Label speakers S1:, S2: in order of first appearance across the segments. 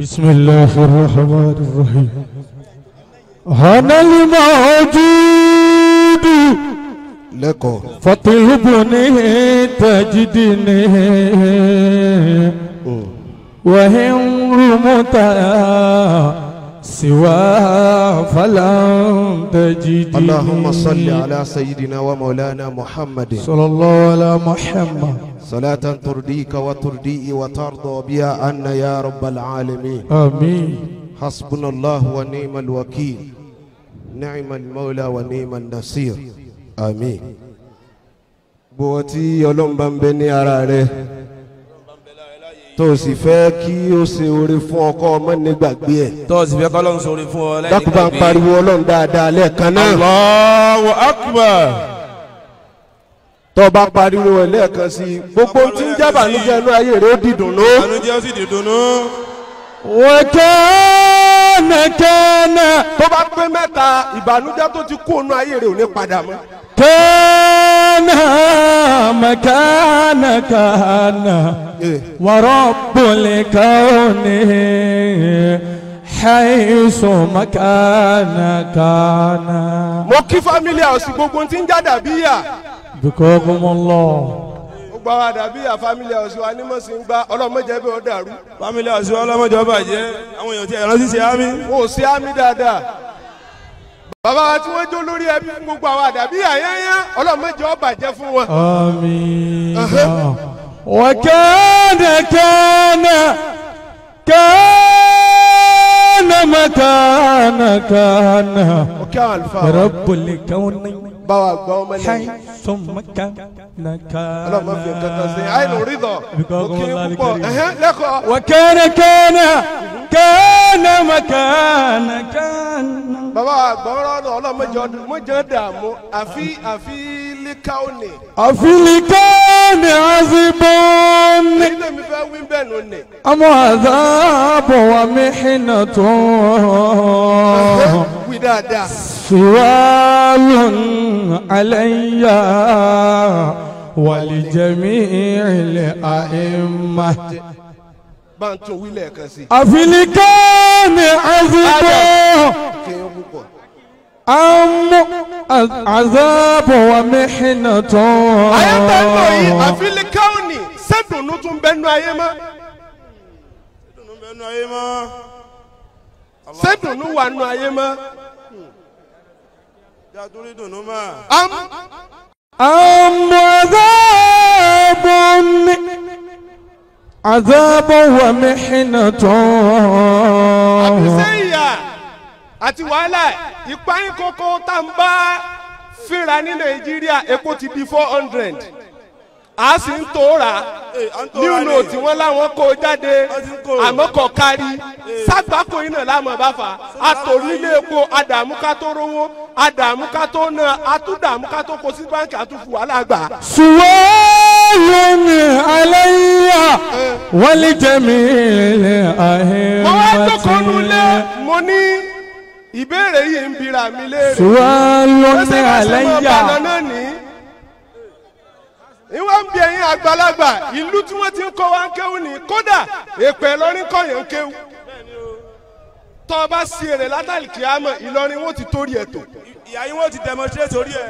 S1: بسم الله الرحمن الرحيم هنا الموجود لكم فطلبني تجدني وهم رمتا سواه فلن تجد اللهم صل على سيدنا ومولانا محمد صلى الله على محمد صلاة ترديك وترضي وترضى بها أن يا رب العالمين آمين حسبنا الله ونعم الوكيل نعم المولى ونعم النصير آمين بوتي يلوم بني أراره tó o sì fẹ́ kí o ṣe oore fún ọkọ ọmọ ní gbàgbé ẹ̀. tó o sì fẹ́ kọ́ lọ́run sóore fún ọ lẹ́yìn gbàgbé. dákúbà ń pariwo ọlọ́run dáadáa lẹ́ẹ̀kan náà. Allahu Akbar. tó o bá pariwo ẹ̀ lẹ́ẹ̀kan sí i gbogbo tí ń jábà níjẹ́ inú ayé rẹ̀ ó di dùnú. ànújẹ́ sì di dùnú. wọ́n kẹ́ẹ̀nẹ̀ kẹ́ẹ̀nẹ̀. tó bá pé mẹ́ta ìbànújẹ́ tó ti kú ònú ayé rẹ̀ ò ní padà mọ́. kẹ́ẹ̀ أنا مكانك أنا ورب الكون حيث مكانك أنا mo kí fámílì àwòsí gbogbo tí ń já dàbíyà. Bikokumullah. gbogbo àwọn àdàbíyà fámílì àwòsí wa ní mọ̀sí ń gba ọlọ́mọdé bí ó dàrú. fámílì àwòsí wa ọlọ́mọdé ọba jẹ́ àwọn èèyàn tí ẹ̀rọ sí ṣe ámì. mo ò sí ámì dáadáa bàbá wa tí wọ́n jó lórí ẹbí fún gbogbo àwọn àdàbí àyányá ọlọ́mọdé ọba jẹ́ fún wọn. àmín wàkẹ́ẹ̀nẹ̀ kẹ́ẹ̀nẹ̀ kẹ́ẹ̀nẹ̀ mẹ́kànnà kànnà rẹ́pùlì kẹ́wọ́nì. báwa gbọ́ ọmọ lẹ́yìn. sọmọkà nàkà. ọlọ́mọ fi kankan sí àìlù rí dọ̀. òkè púpọ̀ lẹ́kọ̀ọ́. wàkẹ́ẹ̀nẹ̀ kẹ́ẹ̀nẹ̀ kẹ́ẹ̀nẹ̀ kana makana kana. bàbá àgbọ̀rọ̀ ọ̀dọ̀ ọlọ́mọjọ dààmú àfi àfi likaoni. àfi likaoni azibon. èyí lèmi fẹ́ wí bẹ́ẹ̀ ló nì. ọmọ àzáàbò wa mi hinà tó. wí dáadáa. siwaalun alayya wàlìjẹ̀mí ilẹ̀ àìmá bá ń tún wílẹ̀ kan sí. àfilikánì àzìbò. kéèyàn púpọ̀. àmú àzábò wa mẹ́hìnà tán. ayé tẹ́ ń lò yìí àfilikánì sẹ́dùnú tún bẹ́nu ayé mọ́. sẹ́dùnú bẹ́nu ayé mọ́. sẹ́dùnú wà nù ayé mọ́. jàdúrí dùnú mọ́. àmú àzábò àzábọ̀ wà mẹ́hìnà tán. àbísẹ́ ìyà àti wàhálà ìpáyín kókó tá n bá fínra ní nàìjíríà epo ti di hundred a sì new note wọn láwọn kó jáde àmọ́ kò kárí ságbákò iná lámọ̀ bá fa àtòrí ilé epo àdààmú ká tó rówó àdààmú ká tó ná àtúndààmú ká tó kó sí báńkì àtúfù wàhálà sùwọ́n aláìyá wálé jẹ́mi ilẹ̀ ahẹ́. mo wá tókòónú lé mo ní ìbéèrè yìí ń bira mi léèrè. suwalọ́nà aláìyá. ìwọ ń bí ẹ̀yin àgbàlagbà ìlú tí wọ́n ti ń kọ́ wa ń kéwù ní kódà èpè lọ́rin kọ̀yàn ń kéwù tọ́ ọ bá sí èrè látàlí kìámọ̀ Ìlọrin wọn ti torí ẹ̀ tó. ìyá yín wọn ti demonstrate orí ẹ.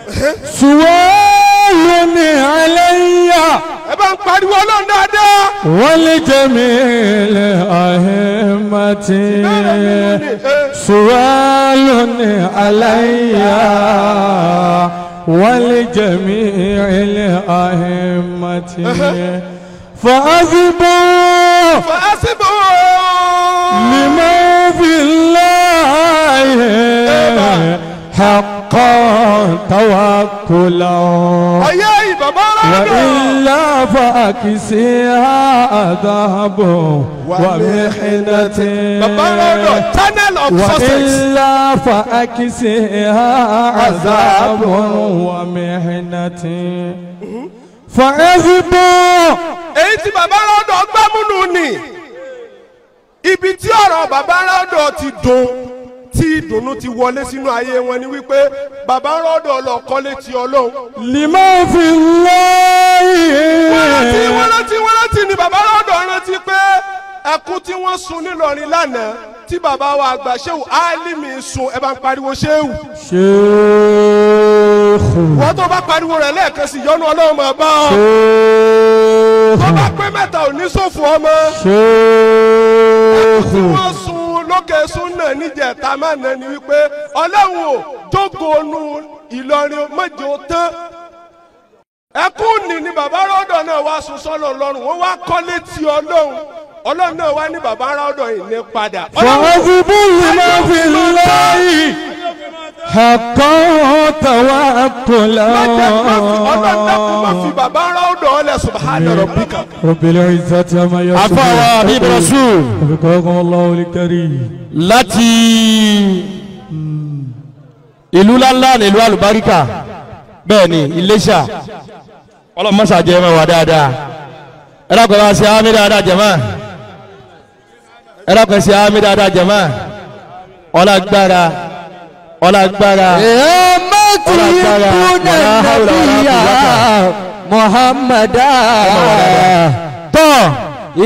S1: suwọ́ọ́. والجميل أهمتي سؤال علي والجميل أهمتي فأسبوا فأسبوا لما في الله حقا توكلا أي بابا وإلا فأكسيها ذهب ومحنة وإلا فأكسيها عذاب ومحنة فأهب èyí tí bàbá rọ́dọ̀ gbámúnú ni ibi tí ọ̀rọ̀ bàbá rọ́dọ̀ ti dùn tí ìdùnnú ti wọlé sínú ayé wọn ni wípé bàbá rọ́dọ̀ lọ kọ́lé ti ọlọ́run. lima fi lọ́ọ̀yì. wọ́n rántí wọ́n rántí wọ́n rántí ni bàbá rọ́dọ̀ rántí pé ẹkún tí wọ́n sun nílọrin lánàá tí bàbá wa àgbà ṣéwù álímì sun ẹ bá ń pariwo ṣéwù. ṣéèkù. wọ́n tó bá pariwo rẹ̀ lẹ́ẹ̀kan sí yọnu ọlọ́run máa bá ọ. ṣéèkù. tó bá pé mẹ́ta ò ní ṣòfò ọmọ. ṣéèkù. ẹkún tí wọ́n lókè súnà níjẹta mánà ni wípé ọlọ́run ò jókòónú ìlọrin mọ́jọ tán ẹkún ni ni bàbá rọ́dọ̀ náà wá sun sọ́nà ọlọ́run wọ́n wá kọ́ létí ọlọ́run ọlọ́run náà wá ní bàbá rọ́dọ̀ yìí ní padà. fọwọ́sí bíyì náà fi lọ́yìn àkọ́ tàwa kò lọ́wọ́. lọ́jọ́ kan ọlọ́run náà kò má fi bàbá rọ́dọ̀ subhana rabbika. rọ̀bìlẹ̀ ìzàtì àmà yà sùn. afáwa bíbí rasul. àfikọ́kọ́ ọlọ́wọ́ lè kárí. láti ìlú ńláńlá ní ìlú àlùbáríkà bẹ́ẹ̀ ni Iléṣà ọlọ́mọṣà jẹ́ ẹ̀mọ́ wa dáadáa ẹ dákun ẹ bá ṣe àmì dáadáa jẹ̀mọ́ ẹ dákun ẹ ṣe àmì dáadáa jẹ̀mọ́ ọlágbára ọlágbára ọlágbára wàhálà wàhálà muhammada tọ́.